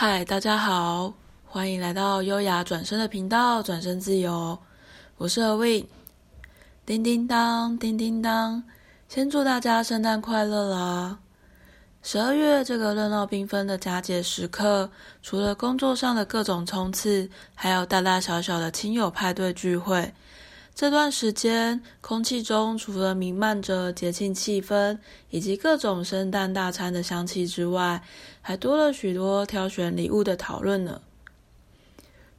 嗨，大家好，歡迎來到優雅轉身的頻道，轉身自由，我是 Awind。叮叮噹，叮叮噹，先祝大家聖誕快樂啦！十二月這個熱鬧繽紛的佳節時刻，除了工作上的各種衝刺，還有大大小小的親友派對聚會。這段時間，空氣中除了瀰漫着節慶氣氛以及各種聖誕大餐的香氣之外，還多了許多挑選禮物的討論呢。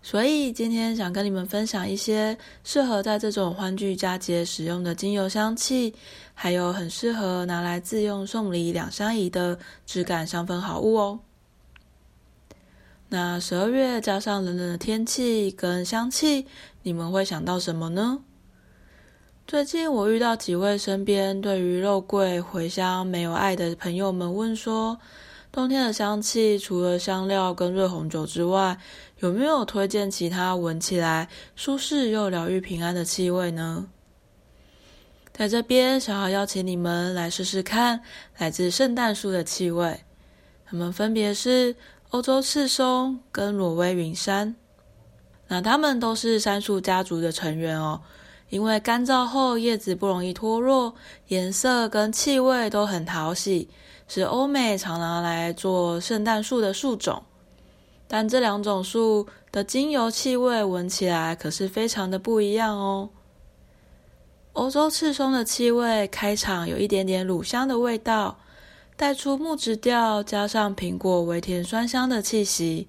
所以今天想跟你們分享一些適合在這種歡聚佳節使用的精油香氣，還有很適合拿來自用送禮兩相宜的質感香氛好物哦。那十二月加上冷冷的天氣跟香氣，你們會想到什麼呢？最近我遇到幾位身邊對於肉桂、茴香沒有愛的朋友們，問說：冬天的香氣除了香料跟熱紅酒之外，有沒有推薦其他聞起來舒適又療愈、平安的氣味呢？在這邊，小海邀請你們來試試看來自聖誕樹的氣味，它們分別是歐洲赤松跟挪威雲杉。那它們都是杉樹家族的成員哦。因為乾燥後葉子不容易脫落，顏色跟氣味都很討喜，是歐美常拿來做聖誕樹的樹種。但這兩種樹的精油氣味聞起來可是非常的不一樣哦。歐洲赤松的氣味開場有一點點乳香的味道，帶出木質調，加上蘋果微甜酸香的氣息，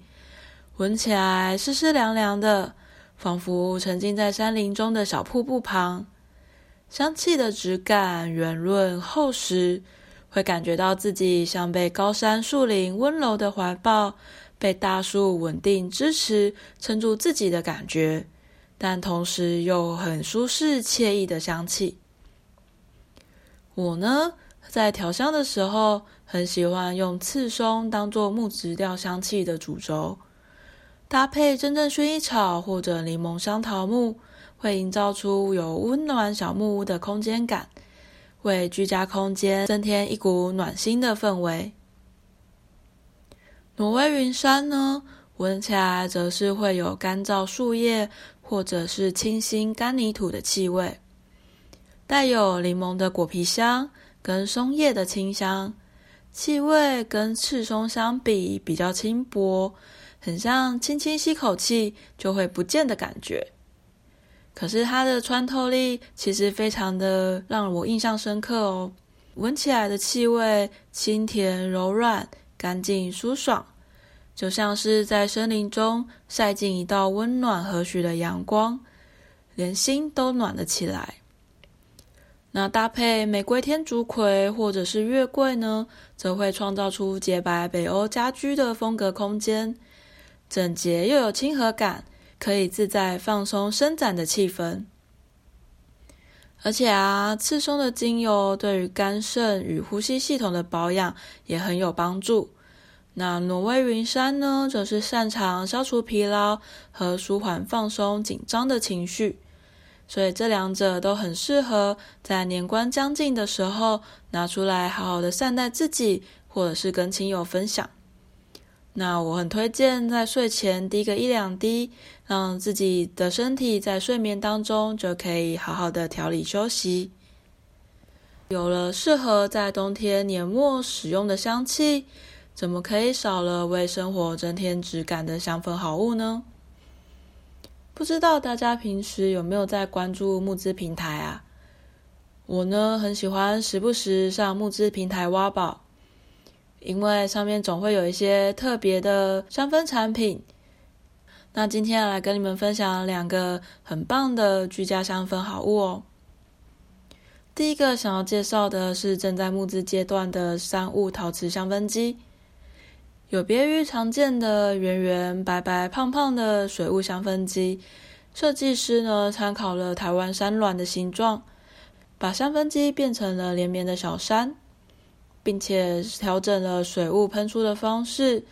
聞起來濕濕涼涼，涼的。仿佛沉浸在山林中的小瀑布旁，香氣的質感圓潤厚實，會感覺到自己像被高山樹林溫柔的懷抱，被大樹穩定支持，撐住自己的感覺，但同時又很舒適愜意的香氣。我呢，在調香的時候，很喜歡用刺松當做木質調香氣的主軸。搭配真正薰衣草或者檸檬香桃木，會營造出有溫暖小木屋的空間感，為居家空間增添一股暖心的氛圍。挪威雲杉呢，聞起來則是會有乾燥樹葉或者是清新乾泥土的氣味，帶有檸檬的果皮香跟松葉的清香，氣味跟赤松相比比較輕薄。很像輕輕吸口氣就會不見的感覺，可是它的穿透力其實非常的讓我印象深刻哦。聞起來的氣味清甜、柔軟、乾淨、舒爽，就像是在森林中曬進一道溫暖和煦的陽光，連心都暖了起來。那搭配玫瑰、天竺葵或者是月桂呢，則會創造出潔白北歐家居的風格空間。整潔又有親和感，可以自在放鬆伸展的氣氛。而且啊，刺松的精油對於肝腎與呼吸系統的保養也很有幫助。那挪威雲杉呢，則是擅長消除疲勞和舒緩放鬆緊張的情緒。所以這兩者都很適合在年關將近的時候拿出來好好的善待自己，或者是跟親友分享。那我很推薦在睡前滴個一兩滴，讓自己的身體在睡眠當中就可以好好的調理休息。有了適合在冬天年末使用的香氣，怎麼可以少了為生活增添質感的香氛好物呢？不知道大家平時有沒有在關注募資平台啊？我呢，很喜歡時不時上募資平台挖寶。因為上面總會有一些特別的香氛產品，那今天來跟你們分享兩個很棒的居家香氛好物哦。第一個想要介紹的是正在募資階段的山霧陶瓷香氛機，有別於常見的圓圓白白胖胖的水霧香氛機，設計師呢，參考了台灣山巒的形狀，把香氛機變成了連綿的小山。並且調整了水霧噴出的方式，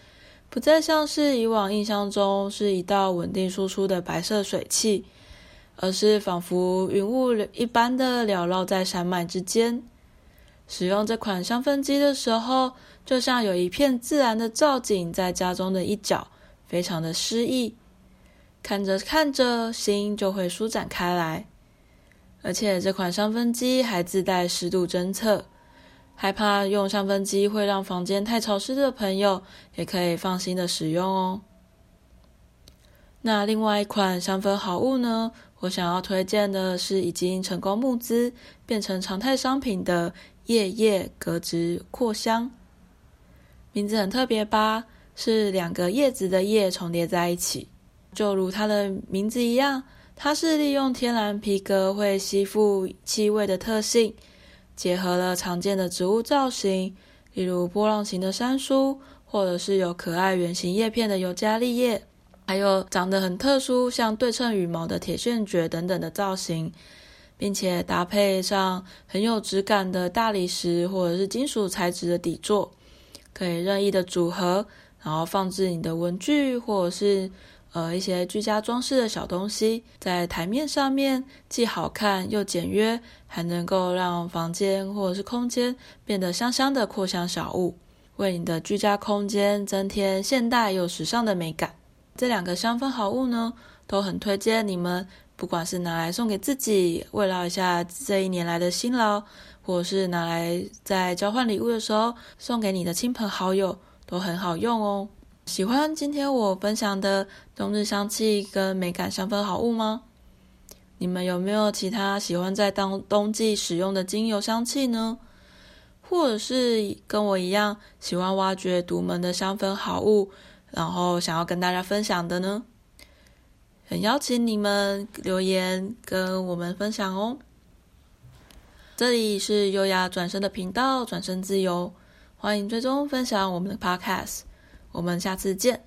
不再像是以往印象中是一道穩定輸出的白色水汽，而是仿佛雲霧一般的繚繞在山脈之間。使用這款香氛機的時候，就像有一片自然的造景在家中的一角，非常的詩意。看着看着，心就會舒展開來。而且這款香氛機還自帶濕度偵測。害怕用香氛機會讓房間太潮濕的朋友，也可以放心的使用哦。那另外一款香氛好物呢？我想要推薦的是已經成功募資變成常態商品的“葉葉革植擴香”。名字很特別吧？是兩個葉子的“葉”重疊在一起，就如它的名字一樣，它是利用天然皮革會吸附氣味的特性。結合了常見的植物造型，例如波浪形的杉樹，或者是有可愛圓形葉片的尤加利葉，還有長得很特殊、像對稱羽毛的鐵線蕨等等的造型，並且搭配上很有質感的大理石或者是金屬材質的底座，可以任意的組合，然後放置你的文具或者是。呃，一些居家裝飾的小東西，在台面上面既好看又簡約，還能夠讓房間或者是空間變得香香的擴香小物，為你的居家空間增添現代又時尚的美感。這兩個香氛好物呢，都很推薦你們，不管是拿來送給自己，慰勞一下這一年來的辛勞，或者是拿來在交換禮物的時候送給你的親朋好友，都很好用哦。喜歡今天我分享的冬日香氣跟美感香氛好物嗎？你們有沒有其他喜歡在冬冬季使用的精油香氣呢？或者是跟我一樣喜歡挖掘獨門的香氛好物，然後想要跟大家分享的呢？很邀請你們留言跟我們分享哦！這裡是優雅轉身的頻道，轉身自由，歡迎追蹤分享我們的 podcast。我們下次見。